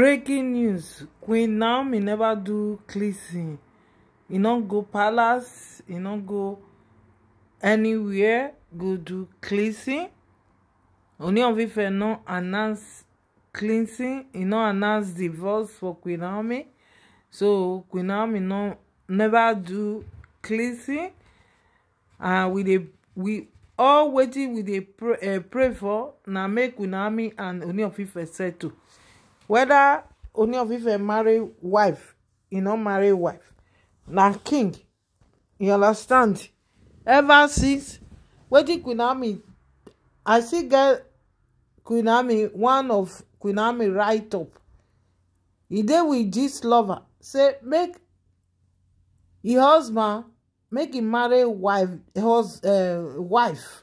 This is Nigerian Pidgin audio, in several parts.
breaking news queen naomi never do cleansing e no go palace e no go anywhere go do cleansing Ooni of Ife no announce cleansing e no announce divorce for queen naomi so queen naomi no never do cleansing and we dey we all wetin we dey pray, uh, pray for na make queen naomi and Ooni of Ife settle whether only of Ife marry wife you know marry wife Now king you understand ever since wetin Queen Naomi i see girl Queen Naomi one of Queen Naomi write up He dey with this lover say make e husband make him marry wife hus uh, wife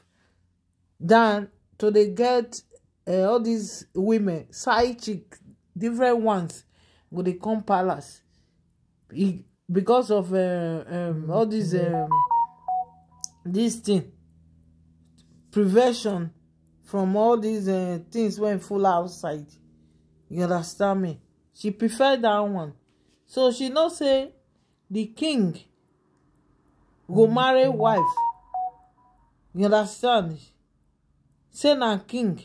Then to dey get uh, all these women side chick different ones go dey come palace e because of uh, um, all this um, this thing prevention from all these uh, things wey full outside you understand me she prefer that one so she know say the king go mm-hmm. marry wife you understand say na king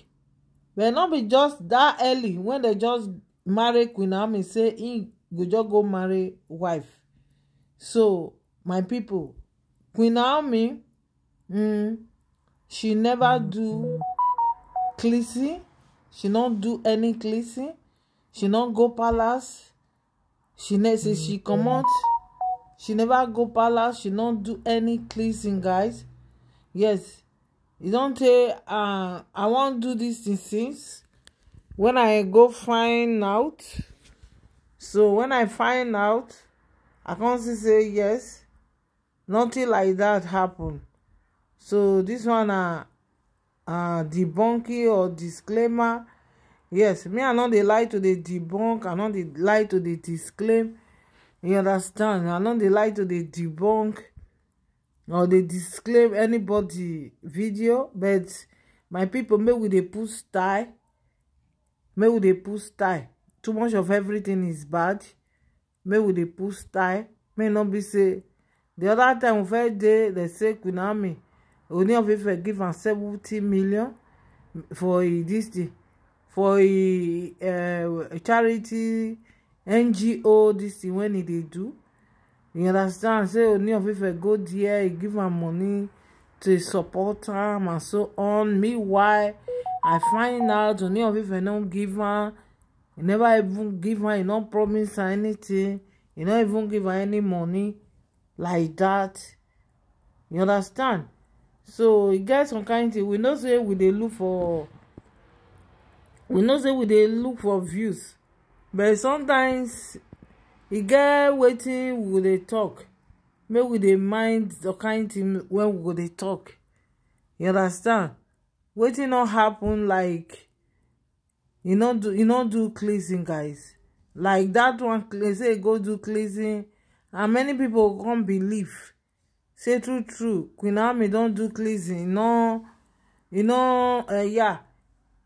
but no be just that early when they just marry queen naomi say im go just go marry wife so my people, queen naomi mm, she never do cleansing she no do any cleansing she no go palace she ne say she mm, comot mm. she never go palace she no do any cleansing guys yes You don say. uh, i wan do dis thing since wen i go find out so when i find out i con see say yes nothing like that happen so this one na uh, uh, debunking or disclaimer yes me i no dey like to dey debunk i no dey like to dey disclaim you understand i no dey like to dey debunk or they disclaim anybody video but my people make we dey put tie, make we dey put tie. too much of everything is bad make we dey put tie. May not be say the other time we first dey dey say queen army oni of ife give am seventy million for this day, for uh, charity ngo This thing wen eh, they e do you understand say Ooni oh, of Ife go there he give am money to support am and so on meanwhile i find out Ooni oh, of Ife no give am he never even give am he no promise her anything he no even give her any money like that you understand so e get some kind thing we know say we dey look for we know say we dey look for views but sometimes e get wetin we dey talk make we dey mind the kind thing wey we go dey talk you understand wetin no happen like you no do you no do cleansing guys like that one clean say go do cleansing and many people come believe say true true queen Ami don do cleansing no you know uh, yeah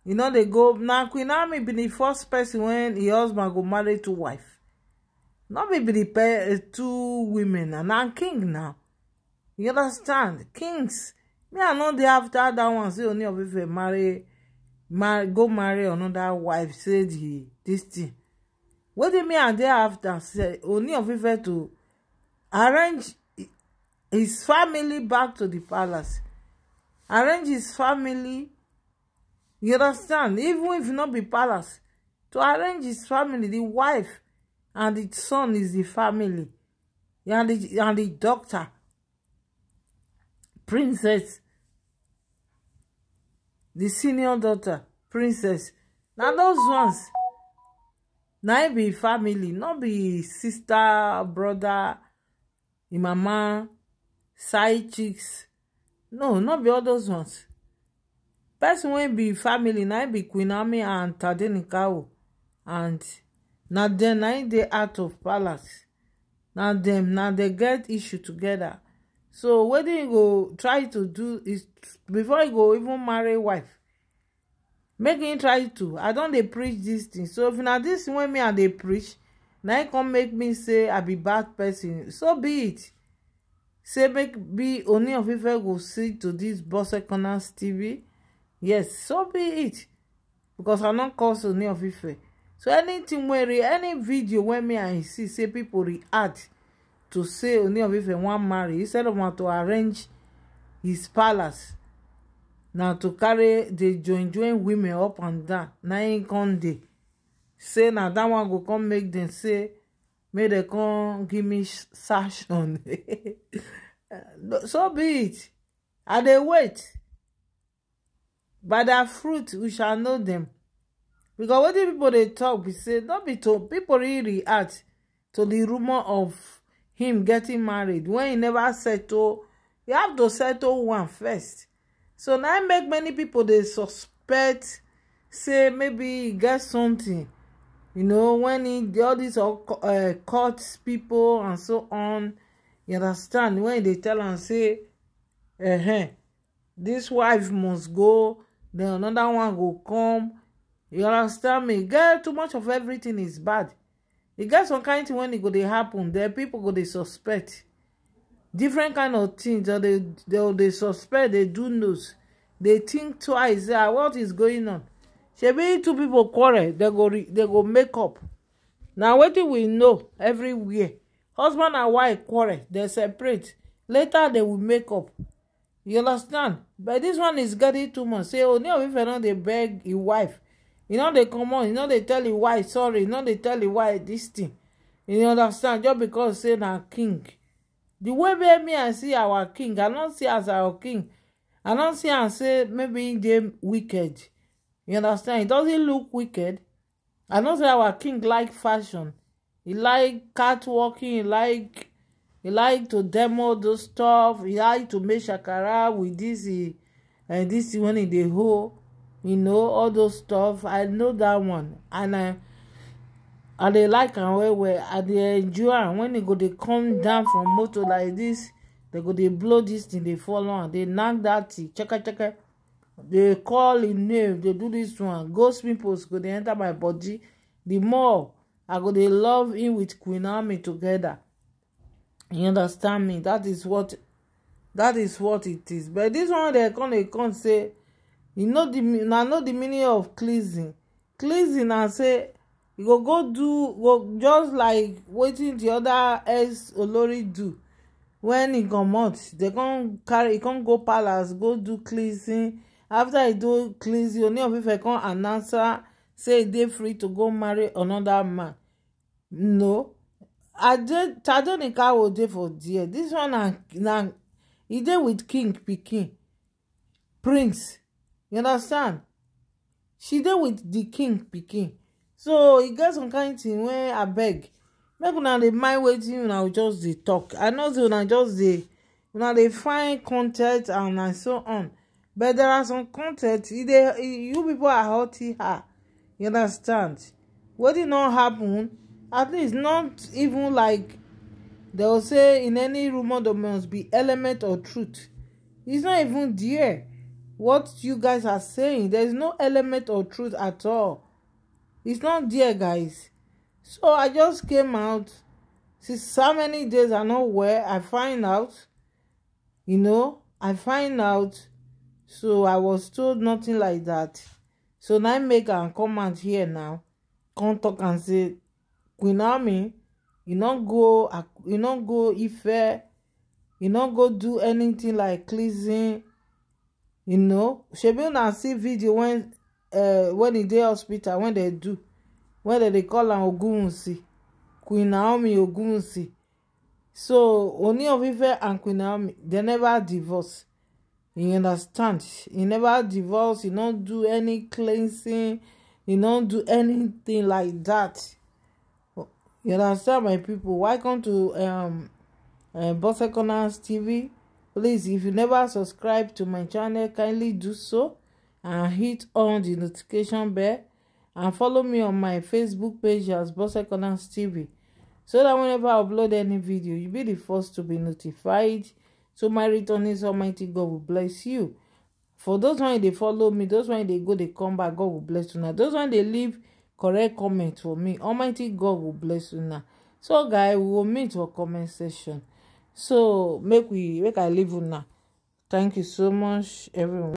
you know dey go na queen Ami be the first person wen her husband go marry to wife not be the pair eh, two women and na king now you understand kings me i no dey have dat one say oni of ife marry go marry another wife say di this thing What wetin me they have after say oni of ife to arrange his family back to the palace arrange his family you understand even if not be palace to arrange his family the wife and the son is the family and the, and the doctor princess the senior daughter princess Now those ones now e be family not be sister brother im mama side chicks no not be all those ones person wey be family now e be queen naomi and tadenikawo and na dem na im dey out of palace na dem na dem get issue together. so wetin you go try to do is before you go even marry wife make him try to i don dey preach this thing so if na dis wey me i dey preach na e come make me say i be bad person so be it say make be Ooni of Ife go see to this Bose Corners TV yes so be it because i no cause Ooni of Ife so anything wey any video wey me i see say people react to say oni of ife wan marry instead of am to arrange his palace na to carry the join join women up and down na im come dey say na that one go come make them say make they come give me sash on so be it i dey wait by their fruit we shall know them. Because what the people they talk, we say no be to People really react to the rumor of him getting married when he never settle you have to settle one first so now make many people they suspect say maybe e get something you know When he the all dis eh, court people and so on you understand When they tell and say eh eh dis wife must go then another one will come you understand me girl too much of everything is bad e get some kind thing when e go dey happen then people go dey suspect different kind of things or they they dey suspect They do nose They think twice ah what is going on shebi two people quarrel they go they go make up na wetin we know everywhere husband and wife quarrel they separate later they will make up you understand but this one is getting too much say Ooni of Ife don dey beg im wife You know they come on. You know they tell you why sorry You know they tell you why this thing you understand just because say na king the way wey me i see our king i no see as our king i no see am say maybe him dey wicked you understand He doesn't look wicked i know say our king like fashion He like cat walking e like he like to demo those stuff He like to make shakara with dis e dis when e dey hold you know all those stuff i know that one and i i dey like am well well i dey enjoy am wen e go dey come down from motor like this. dem go dey blow this thing dey fall on dey knack that thing cheke cheke dey call im name dey do this one ghost pimples go dey enter my body the more i go dey love him with Queen Naomi together you understand me that is what that is what it is but this one dey come dey come say you know the na know the meaning of cleansing cleansing na say you go go do go just like wetin the other ex olori do when he comot dey come carry he come go palace go do cleansing after he do cleansing Ooni of Ife come announce am say he dey free to go marry another man no Tadenikawo dey for there this one na na he dey with king pikin prince you understand she dey with the king pikin so e get some kind of thing tin wey abeg make una dey mind wetin una just dey talk. i know they una just dey una they find content and so on but there are some content e, e you people are healthy her you understand What did not happen at least not even like they'll say in any rumor there must be element or truth it's not even there what you guys are saying there is no element of truth at all it's not there guys so i just came out since so many days i know where i find out you know i find out so i was told nothing like that so now I make am come here now come talk and say Queen Naomi you don't go you don't go if. you don't go do anything like cleansing you know shebi una see video when, uh, when e dey hospital when they do when they dey call am ogunwusi queen naomi ogunwusi so oni of ife and queen naomi they never divorce you understand e never divorce e no do any cleansing e no do anything like that. you understand my pipo welcome to um uh, eh, boss economics tv please if you never subscribe to my channel kindly do so and hit on the notification bell and follow me on my facebook page as Boss Corners TV so that whenever I upload any video you be the first to be notified so my return is almighty God will bless you for those when they follow me those when they go they come back God will bless you now. those when they leave correct comment for me almighty God will bless you now. so guys we will meet for comment session so make we make i leave una thank you so much everyone